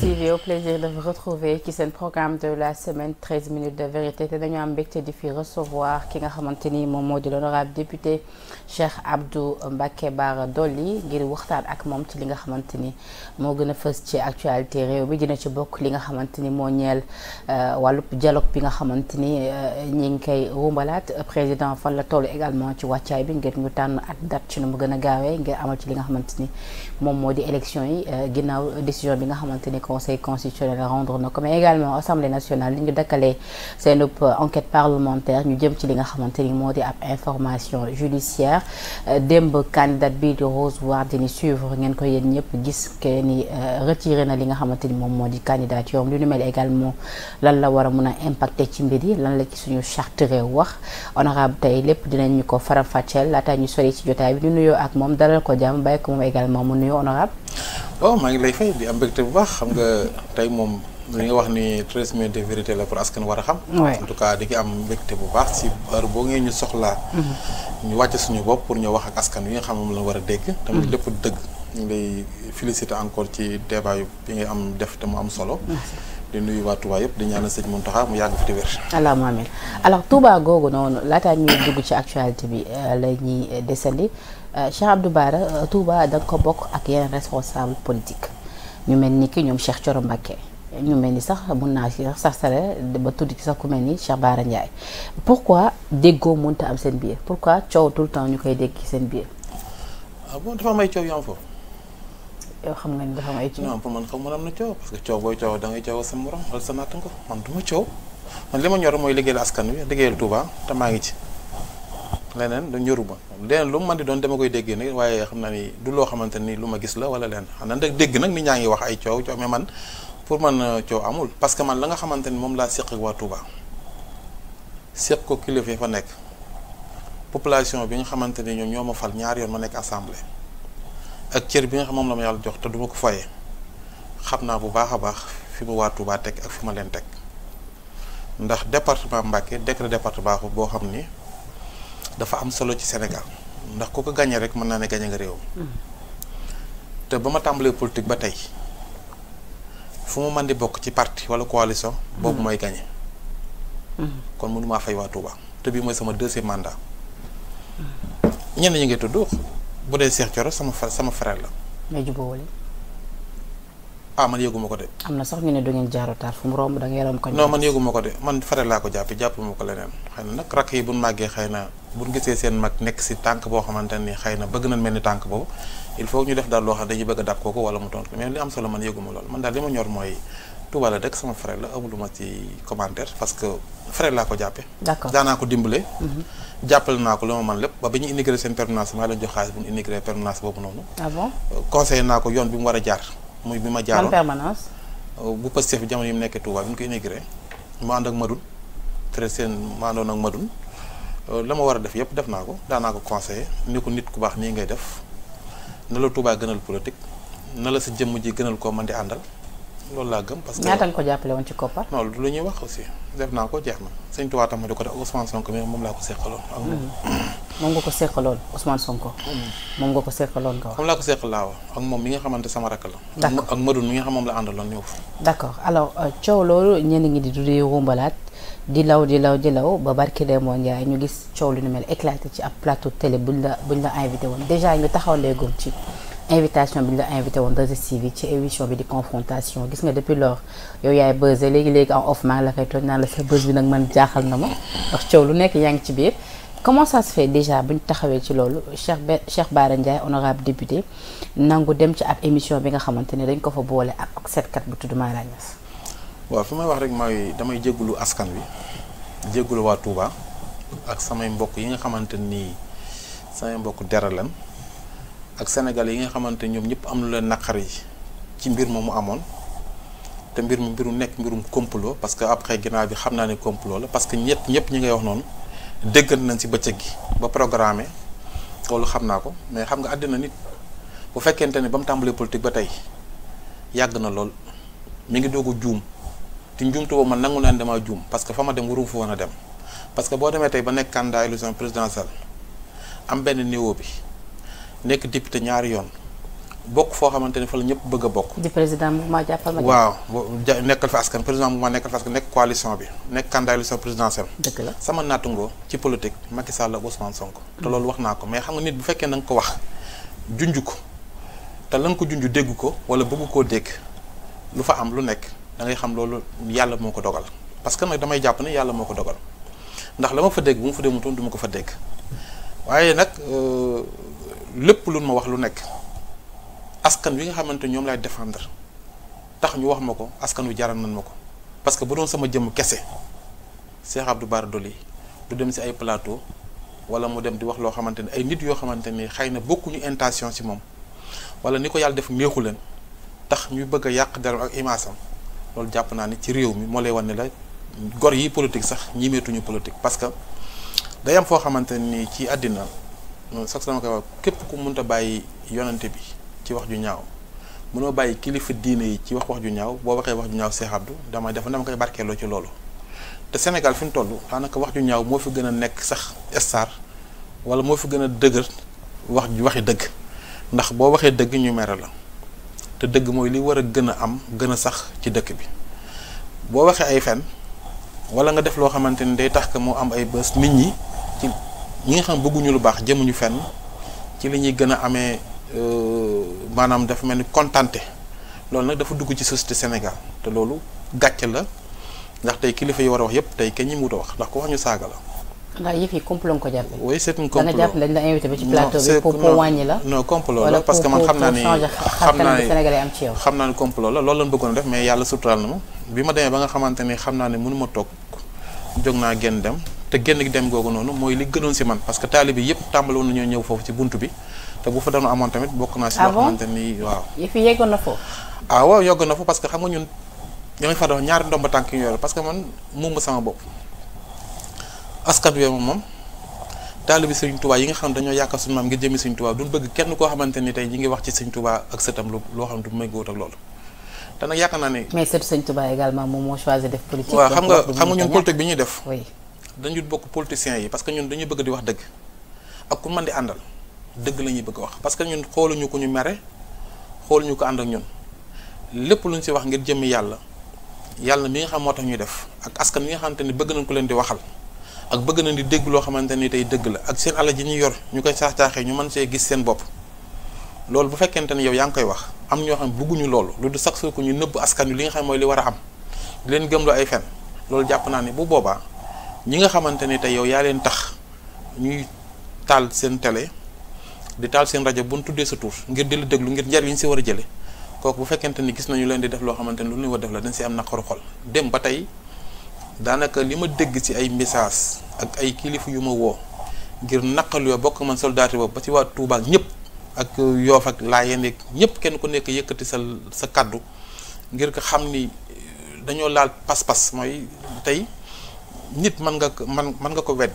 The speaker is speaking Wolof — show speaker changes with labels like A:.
A: TV au plaisir de vous retrouver ci seen programme de la semaine 13 minutes de vérité te dañu am mbégte di fi recevoir ki nga xamante ni moom moo di l'honorable député Cheikh Abdou Mbacké Bara Dolly ngir waxtaan ak moom ci li nga xamante ni moo gën a fës ci actualité réew bi dina ci bokk li nga xamante ni moo ñeel euh, wàllub dialogue bi nga xamante ni euh, ñi ngi koy rumbalaat président fan la toll également ci wàccaay bi ngir ñu tànn ak date ci nu mu gën a gaawee ngir amal ci li nga xamante ni moom moo di élection yi euh, ginnaaw bi nga xamante conseil constitutionnel rendre na ko mais également assemblée nationale li ñu dakkalee seen enquête parlementaire ñu jëm ci li nga xamante ni moo ni euh, retiré na li nga ni moom moo di candidature am lu mel également lan la war a mun a impacter ci mbir yi lan la ci suñu charte réew wax honorable tey lépp dinañ ñu ko faram fàcceel laata ñu sori ci jotaay bi ñu nuyoo ak moom dalal ko jàmm bàyyi ko moom également mu nuyoo honorable
B: waaw maa ngi lay fay di am mbégte bu baax xam nga tey moom li nga wax ni treize minutes de vérité la pour askan war a xam. en tout cas di ngi am mbégte bu baax si heure boo ngeen ñu soxlaa. Mm-hmm. ñu wàcc suñu bopp pour ñu wax ak askan wi nga xam moom la war a dégg. tam mm-hmm. lépp dëgg. ñu ngi lay féliciter encore ci débat bi nga am def te mu am solo. di nuyu waa Touba yëpp di ñaanal sëñ Mountakha mu yàgg fi te wér.
A: allahumma amiin alors Touba googu noonu laataa ñuy dugg ci actualité bi euh, la ñuy Euh, Cheikh Abdou Bara euh, Touba da nga ko bokk ak yeneen responsable politique ñu mel ni ki ñoom Cheikh Thioro Mbacké ñu mel ni sax mun naa si sax sarsare ba tudd ci sax ku mel ni Cheikh Bara Ndiaye pourquoi déggoo mënta am seen biir pourquoi coow tout le temps ñu koy dégg ci seen biir.
B: ah bon dafa am ay coow yu yow xam nga ni dafa am ay coow. non pour man xam man am na coow parce que coow booy coow da ngay coow sa morom wala sa natt man du ma coow man li ma ñor mooy liggéeyal askan wi liggéeyal Touba te maa ngi ci. leneen du ñoruma leneen lu mu mën di doon dama koy déggee ni waaye xam naa ni du loo xamante ni lu ma gis la wala leen xam naa nag dégg nag nit ñaa ngi wax ay coow coow mais man pour man euh, coow amul parce que man la nga xamante ni moom laa séq ak waa Touba séq ko kilifa yi fa nekk population bi nga xamante ni ñoom ñoo ma fal ñaari yoon ma nekk assemblée ak cër bi nga xam moom la ma yàlla jox te duma ko foyee xam naa bu baax a baax fi mu waa Touba teg ak fi ma leen teg ndax département Mbacké décret département boo xam ni dafa am solo ci Sénégal ndax ku ko gagné rek mën naa ne gagné nga réewam. te ba ma tàmbalee politique ba tey fu mu mën di bokk ci parti wala coalition. boobu mm-hmm. mooy gagné. Mm-hmm. kon mënumaa fay waa Touba te bii mooy sama deuxième mandat. Mm-hmm. ñenn ñi ngay tudd bu dee Cheikh Thioro sama sama frère la. ah man ko
A: am na sax ñu ne du ngeen jaaroo taar fu mu romb da ngay na
B: nag rakk seen mag nekk si tànk boo xamante ni xëy na bëgg nañ mel ni tànk boobu il faut ñu def daal loo xam bëgg a dab kooku wala mu tontu mais li am solo man yëguma lool man daal li ma ñor mooy Touba la dëkk sama frère la amuluma ci commentaire parce que frère laa ko jàppee. d'accord daanaa ko dimbale. Mhm. jàppale naa ko lu ma mën lépp ba bi ñu immigré seen permanence maa leen jox xaalis bu ñu immigré permanence boobu noonu. ah naa ko yoon bi mu war a jaar muy bi ma jaaroon
A: permanence. Euh,
B: bu Pastef bi jamono yi mu nekkee Touba bi mu ko inauguré ma ànd ak Madoun très seen ma àndoon ak Madoun euh, la ma war a def yëpp def naa ko daanaa ko conseillé ni ko nit ku baax nii ngay def na la Touba gënal politique na la sa jëmm ji gënal koo mën di àndal loolu laa gëm. parce que ñaata
A: nga ko jàppale woon ci koppar. non
B: lu ñuy wax aussi def naa ko jeex na sëñ Touba tam ma di ko def Ousmane Sonko mi moom laa ko seqaloon.
A: moom nga ko seqaloon son Sonko. moom nga ko seqaloon nga wax.
B: moom laa ko seqalaaw ak moom mi nga xamante sama rakk la. d'accord ak Madou mi nga xam moom la àndaloon ñëw fa.
A: d'accord alors euh, coow loolu ñenn ñi di dudee rumbalaat di law di law di law ba barki Demba Ndiaye ñu gis coow lu ni mel éclaté ci ab plateau télé buñ la buñ la invité woon déjà ñu taxaw léegum ci. invitation bi ñu la invité woon 2STV ci émission bi di confrontation gis nga depuis lors yow yaay buzz léegi léegi en off maa ngi la koy toj naan nag man jaaxal na ma ndax coow lu nekk yaa ngi ci biir. comment ça se fait déjà bu ñu taxawee ci loolu Cheikh Cheikh Bara Ndiaye honorable député nangu dem ci ab émission bi nga xamante ne dañ ko fa boole ak seetkat bu tudd Mara Niass.
B: waaw fi may wax rek mooy damay jégalu askan wi jégalu waa Touba ak samay mbokk yi nga xamante ni samay mbokk dara lan ak Sénégal yi nga xamante ñoom ñëpp am lu leen naqari ci mbir mu amoon te mbir mu mbiru nekk mbirum complot parce que après ginnaaw bi xam naa ne complot la parce que ñett ñëpp ñi ngay wax noonu. déggan nañ si bëccëg gi ba programme loolu xam naa ko mais xam nga àddina nit bu fekkente ne ba mu tàmbalee politique ba tey yàgg na lool mi ngi doog a juum te njuumtu boobu man nangu naa ne damaa juum parce que fa ma dem waru fa woon a dem parce que boo demee tey ba nekk candidat élection présidentielle am benn niveau bi nekk député ñaari yoon. bokk foo xamante ni fa la ñëpp bëgg a bokk.
A: di président mouvement jàppal waaw
B: nekkal fa askan président ma nekkal fa askan nekk coalition bi nekk candidat présidentielle. dëgg la sama naatungoo ci politique Macky Sall ak Ousmane Sonko. te loolu wax naa ko mais xam nga nit bu fekkee na ko wax junju ko te la nga ko junju dégg ko wala bëgg koo dégg lu fa am lu nekk da ngay xam loolu yàlla moo ko dogal parce que nag damay jàpp ne yàlla moo ko dogal ndax la ma fa dégg bu ma fa demutoon du ma ko fa dégg waaye nag euh, lépp lu ma wax lu nekk. askan wi nga xamante ñoom laay défendre tax ñu wax ma ko askan wi jaral nan ma ko parce que bu doon sama jëmm kese Cheikh du Bara Dolly du dem si ay plateau wala mu dem di wax loo xamante ne ay nit yoo xamante ni xëy na bokkuñu intention si moom wala ni ko yàlla def neexu leen tax ñu bëgg a yàq deram ak imaasam loolu jàpp naa ne ci réew mi moo lay wan ne la gor yi politique sax ñimeetuñu politique parce que day foo xamante ni ci àddina sax dama koy képp ku mënta bàyyi yonante bi ci wax ju ñaaw mënoo bàyyi kilifa diine yi ci wax wax ju ñaaw boo waxee wax ju ñaaw Cheikh Abdou dama def dama koy barkeeloo ci loolu te Sénégal fi mu toll daanaka wax ju ñaaw moo fi gën a nekk sax star wala moo fi gën a dëgër wax ju waxi dëgg ndax boo waxee dëgg ñu mere la te dëgg mooy li war a gën a am gën a sax ci dëkk bi boo waxee ay fen walla nga def loo xamante ni day tax moo am ay bës nit ñi ci ñi xam bëgguñu lu baax jëmuñu fenn ci li ñuy gën a amee. Euh, maanaam dafa mel ni kontante loolu nag dafa dugg ci société Sénégal te loolu gàcce la ndax tey kilifa yi war a wax yépp tey kenn ñi mu a wax ndax ko wax ñu saaga la.
A: ndax yëf yi complot
B: la
A: invité ba ci plateau bi
B: parce que man xam naa ni xam naa ni Sénégalais am ci yow. la loolu lañ bëggoon yàlla suturaal ma bi ma demee ba nga xamante ni xam naa ne mënu ma toog jóg naa génn dem te génn dem googu noonu mooy li gënoon si man parce que taalibe yëpp tàmbaloon nañoo ñëw foofu ci bunt bi te bu fa doon amoon tamit bokk naa si ah loo xamante ni waaw
A: yëf na foofu
B: ah waaw yeggoon parce que xam nga ñun damañ fa doon ñaari ndomba tànk yu ñu yor parce que man muuma sama bopp askan moom moom taalibi Sëriñ Tuubaa yi nga xam dañoo yaakaar suñu maam ngir jëmi Sëriñ Tuubaa duñ bëgg kenn koo xamante ni tey ñi ngi wax ci Sëriñ Tuubaa ak sëtam lu loo naa ne
A: mais sëtu Sëriñ moom moo choisi def politique waaw xam nga xam nga ñun politique bi ñuy def
B: dañu bokk politiciens yi parce que ñun dañuy bëgg di wax dëgg ak ku mën di àndal dëgg la ñuy bëgg wax parce que ñun xooluñu ko ñu mere ñu ko ànd ak ñun lépp luñ ci wax ngir jëmmi yàlla yàlla mi nga xam moo tax ñuy def ak askan mi nga xamante ni bëgg nañ ko leen di waxal ak bëgg nañ di dégg loo xamante ni tey dëgg la ak seen alal ji ñu yor ñu koy saax saaxee ñu mën see gis seen bopp loolu bu fekkente ni yow yaa ngi koy wax am ñoo xam bëgguñu loolu lu du sax ko ñu nëbb askan wi li nga xam mooy li war a am di leen gëmloo ay fen loolu jàpp naa ne bu boobaa ñi nga xamante ni tey yow yaa leen tax ñuy taal seen tele di taal seen rajo bu tuddee sa tur ngir di la déglu ngir njariñ ñu si war a jële kooku bu fekkente ni gis nañu leen di def loo xamante lu ñu war def la dañ si am naqaru xol dem ba tey daanaka li ma dégg si ay message ak ay kilifa yu ma woo ngir naqal yoo bokk man soldaati boobu ba ci waa Touba ak ñëpp ak Yoof ak Laayeen ak ñëpp kenn ku nekk yëkkati sa sa kàddu ngir ko xam ni dañoo laal pas-pas mooy tey nit mën nga ko mën mën nga ko wedd